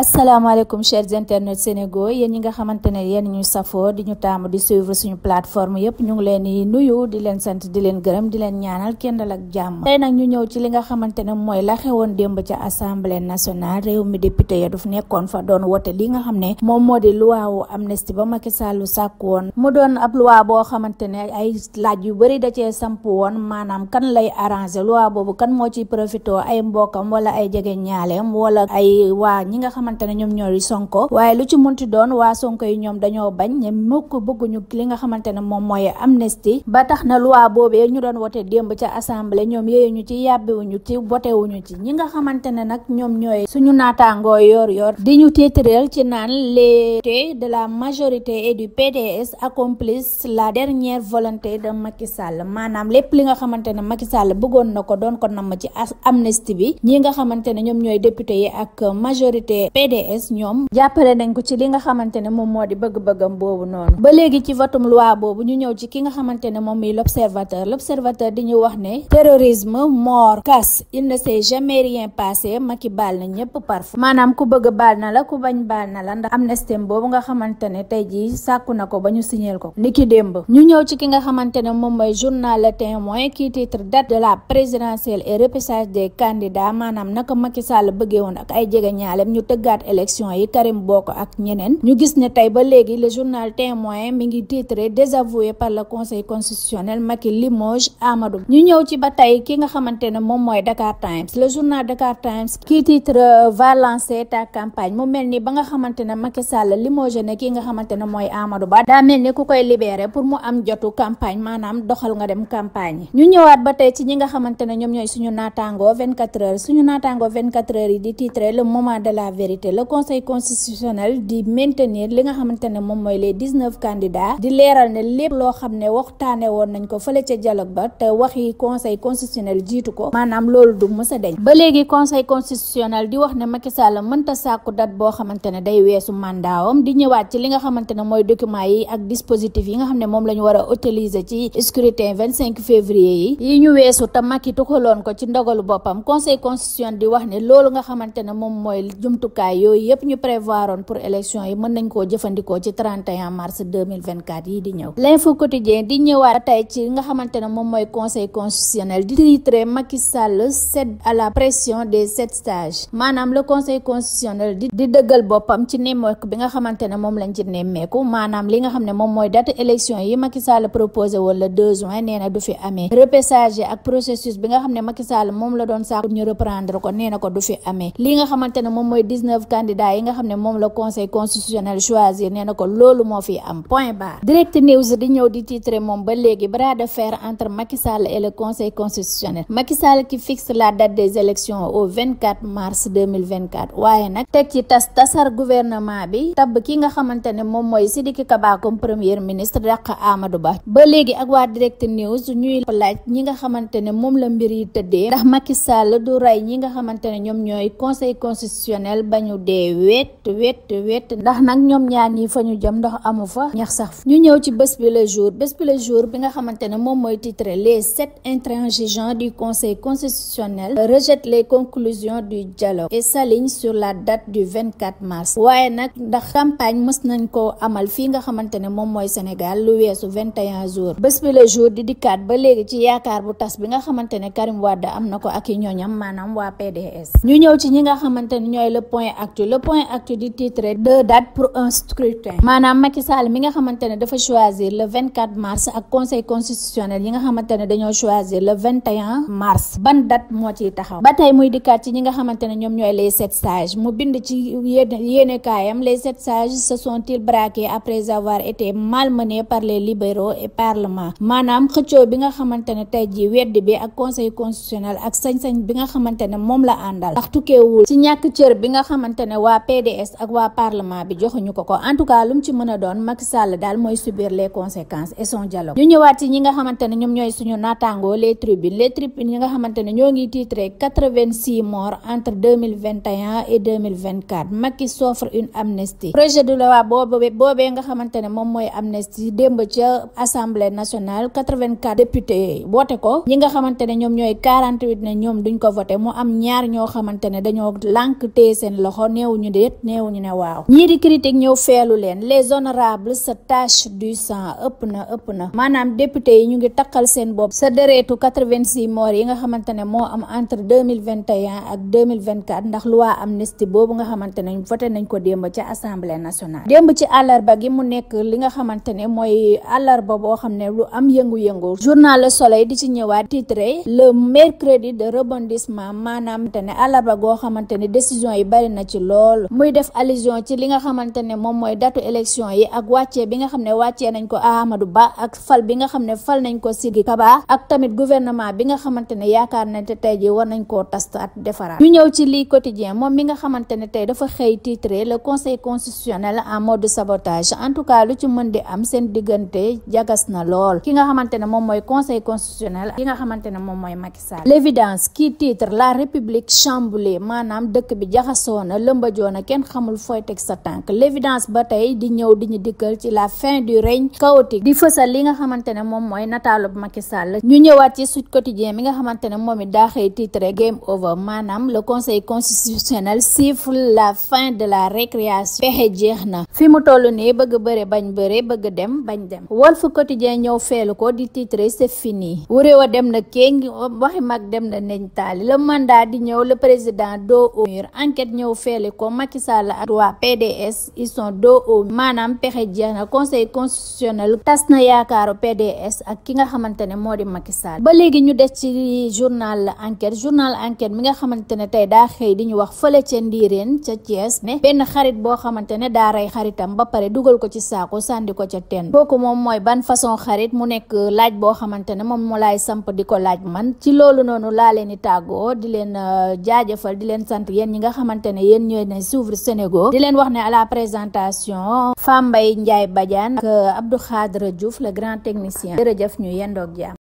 asalaamaaleykum chers internautes Sénégal yéen ñi nga xamante ne yéen ñu safoo di ñu taamu di suivre suñu plateforme yëpp ñu ngi leen di nuyu di leen sant di leen gërëm di leen ñaanal kenn dal ak jàmm tey nag ñu ñëw ci li nga xamante ne mooy la xewoon démb ca assemblée nationale réew mi député ya daf nekkoon fa doon wote li nga xam ne moom moo di loi wu amnistie ba Macky lu sàkku woon mu doon ab loi boo xamante ne ay laaj yu bëri da cee samp woon maanaam kan lay arrangé loi boobu kan moo ciy profité ay mbokkam wala ay jege ñaaleem wala ay waa ñi nga xamante ne ñoom ñooy Sonko ne mukk bëgguñu li nga xamante ne moom mooy amnistie ba tax na loi boobee ñu doon wote démb ca assemblée ñoom yéeyuñu ci yàbbiwuñu ci wotewuñu ci ñi nga xamante ne nag ñoom ñooy suñu naataangoo yoor de la majorité et du PDS la de Macky Sall maanaam lépp li nga xamante ne Macky Sall bëggoon na ko doon ko namm ci amnistie bi ñi nga xamante ne ñoom ñooy député yi ak majorité PDS ñoom jàppale nañ ko ci li nga xamante ne moom moo di bëgg-bëggam boobu noonu ba léegi ci votum loi boobu ñu ñëw ci ki nga xamante ne moom muy l'observateur l'observateur di ñu wax ne terrorisme mort casse il ne s'est jamais rien passé Macky baal na ñëpp parfois maanaam ku bëgg baal na la ku bañ baal na la ndax amnistie boobu nga xamante ne tey jii sàkku na ko ba ñu signeel ko niki démb ñu ñëw ci ki nga xamante ne moom mooy journal Le Témoin qui titre date de la présidentielle et repêchage des candidats maanaam naka Macky Sall bëggee woon ak ay jege ñaalem ñu tëgg tëggaat élection yi Karim Bokk ak ñeneen ñu gis ne tey ba léegi le journal témoin mi ngi titré désavoué par la conseil constitutionnel Macky limoge Amadou ñu ñëw ci ba tey ki nga xamante ne moom mooy Dakar Times le journal Dakar Times qui titre euh, va lancer ta mu mel ni ba nga xamante ne Macky Sall limoge ne ki nga xamante ne mooy Amadou Ba daa mel ni ku koy libéré pour mu am jotu campagne maanaam doxal nga dem campagne ñu ñëwaat ba tey ci parité le conseil constitutionnel di maintenir li nga xamante ne moom mooy les dix-neuf di leeral ne lépp loo xam ne waxtaane woon nañ ko fële ca dialogue ba te waxi conseil constitutionnel jiitu ko maanaam loolu du mës a deñ ba léegi conseil constitutionnel di wax ne Macky mënta sàkku date boo xamante day weesu mandaawam di ñëwaat ci li nga xamante ne mooy documents yi ak dispositifs yi nga xam ne moom la ñu war a utiliser ci scrutin vingt jumtukaay yooyu yëpp ñu prévoiroon pour élection yi mën nañ koo jëfandikoo ci 31 mars yi di ñëw l'info quotidien di ñëwaat tey ci nga xamante ne moom mooy conseil constitutionnel di titré Macky Sall cède à la pression des sept sages maanaam le conseil constitutionnel di di dëggal boppam ci nemmeeku bi nga xamante ne moom lañ ci nemmeeku maanaam li nga xam ne moom mooy date élection yi Macky Sall proposé woon le 2 juin nee na du fi amee repêchage ak processus bi nga xam ne Macky Sall moom la doon sàkku ñu reprendre ko nee ko du fi dix-neuf yi nga xam ne moom la conseil constitutionnel choisir nee na ko loolu moo fi am point barre direct news di ñëw di titre moom ba léegi bras de fer entre Macky Sall et le conseil constitutionnel Macky Sall qui fixe la date des élections au 24 mars 2024 waaye nag teg ci tas tasar gouvernement bi tabb ki nga xamante ne moom mooy Sidiki Kaba comme premier ministre dàq Amadou Ba ba léegi ak waa direct news ñuy laaj ñi nga xamante ne moom la mbir yi tëddee ndax Macky Sall du rey ñi nga xamante ne ñoom ñooy conseil constitutionnel ba ñu dee wet wet wet ndax nag ñoom ñaar ñi fa ñu jëm ndox amu fa ñax sax ñu ñëw ci bés bi le jour bés bi le jour bi nga xamante ne moom mooy titre les sept intransigeants du conseil constitutionnel rejettent les conclusions du dialogue et sur la date du 24 mars waaye nag ndax campagne mës nañ ko amal fii nga xamante ne moom mooy Sénégal lu weesu 21 jours bés bi le jour di dikkaat ba léegi ci yaakaar bu tas bi nga xamante ne Karim Wade am na ko ak i ñooñam maanaam waa PDS ñu ñëw ci ñi nga xamante ñooy le point point actu le point actu di titre deux dates pour un scrutin maanaam Macky Sall mi nga xamante ne dafa choisir le 24 mars ak conseil constitutionnel yi nga xamante ne dañoo choisir le 21 mars ban dat moo ciy taxaw ba tey muy dikkaat ci ñi nga xamante ne ñoom ñooy le sept sages mu bind ci yéene yéene kaayam les sept sages se sont-ils braqués après avoir été malmenés par les libéraux et parlement maanaam xëccoo bi nga xamante ne tey jii weddi bi ak conseil constitutionnel ak sañ-sañ bi nga xamante ne moom la àndal ndax ci ñàkk cër bi nga xamante waa PDS ak waa parlement bi joxuñu ko ko en ci mën a doon Macky Sall daal mooy subir les conséquences et son ñu ñëwaat ci ñi nga xamante ñoom ñooy suñu naataangoo entre et un et une amnistie projet de loi boobu boobee nga xamante moom mooy amnistie démb ca assemblée nationale quatre woote ko ñi nga xamante ñoom ñooy quarante ñoom duñ ko voté mu am ñaar ñoo xamante dañoo lànk téye seen loxo néewuñu déet néewuñu ne waaw ñii critique ñëw feelu leen les honorables sa tache du sang ëpp na ëpp na maanaam député yi ñu ngi takkal seen bopp sa déreetu 86 moor yi nga xamante ne moo am entre 2021 ak 2024 ndax loi amnistie boobu nga xamante ne nañ ko démb ci assemblée nationale démb ci àllarba gi mu nekk li nga xamante ne mooy àllarba boo xam ne lu am yëngu-yëngu journal la Soleil di ci ñëwaat titré le na ci lool muy def allusion ci li nga xamante ne moom mooy datu élection yi ak wàccee bi nga xam ne wàccee nañ ko Amadou Ba ak fal bi nga xam ne fal nañ ko Sidiki Kaba ak tamit gouvernement bi nga xamante ne yaakaar nañ te tey ji war nañ koo tastaat defaraat ñu ñëw ci lii quotidien moom mi nga xamante ne tey dafa xëy titre le conseil constitutionnel en mode sabotage en tout cas lu ci mën di am seen diggante jagas na lool ki nga xamante ne moom mooy conseil constitutionnel ki nga xamante ne moom mooy Macky Sall l'évidence titre la république chamboulée maanaam dëkk bi jaxasoo joona lëmba joona kenn xamul fooy teg sa tànk l' évidence ba tey di ñëw di ñu dikkal ci la fin du règne chaotique di fësal li nga xamante ne moom mooy ma Macky Sall ñu ñëwaat ci Sud Quotidien mi nga xamante ne moom it daa xëy titre game over maanaam le conseil constitutionnel siffle la fin de la récréation pexe jeex na fi mu toll nii bëgg bëre bañ bëre bëgg dem bañ dem Walf Quotidien ñëw feelu ko di titre c'est fini wuré wa dem na kéngi waxi mag dem na neñ taali le mandat di ñëw le président doo au mur enquête ñëw ñëw feele ko Macky Sall ak waa PDS ils sont dos au maanaam pexe jeex na conseil constitutionnel tas na yaakaaru PDS ak ki nga xamante ne moo di Macky Sall ba léegi ñu des ci journal enquête journal enquête mi nga xamante ne tey daa xëy di ñu wax fële ca Ndiireen ca Thiès ne benn xarit boo xamante ne daa rey xaritam ba pare dugal ko ci saako sànni ko ca teen kooku moom mooy ban façon xarit mu nekk laaj boo xamante moom mu laay samp di ko laaj man ci loolu laa leen euh, ne yéen ñooy ne souvre Sénégo li leen wax ne à la présentation Fambay Ndiaye Badiane ak Abdou Khadre Diouf le grand technicien jërëjëf ñu yendoog jàmm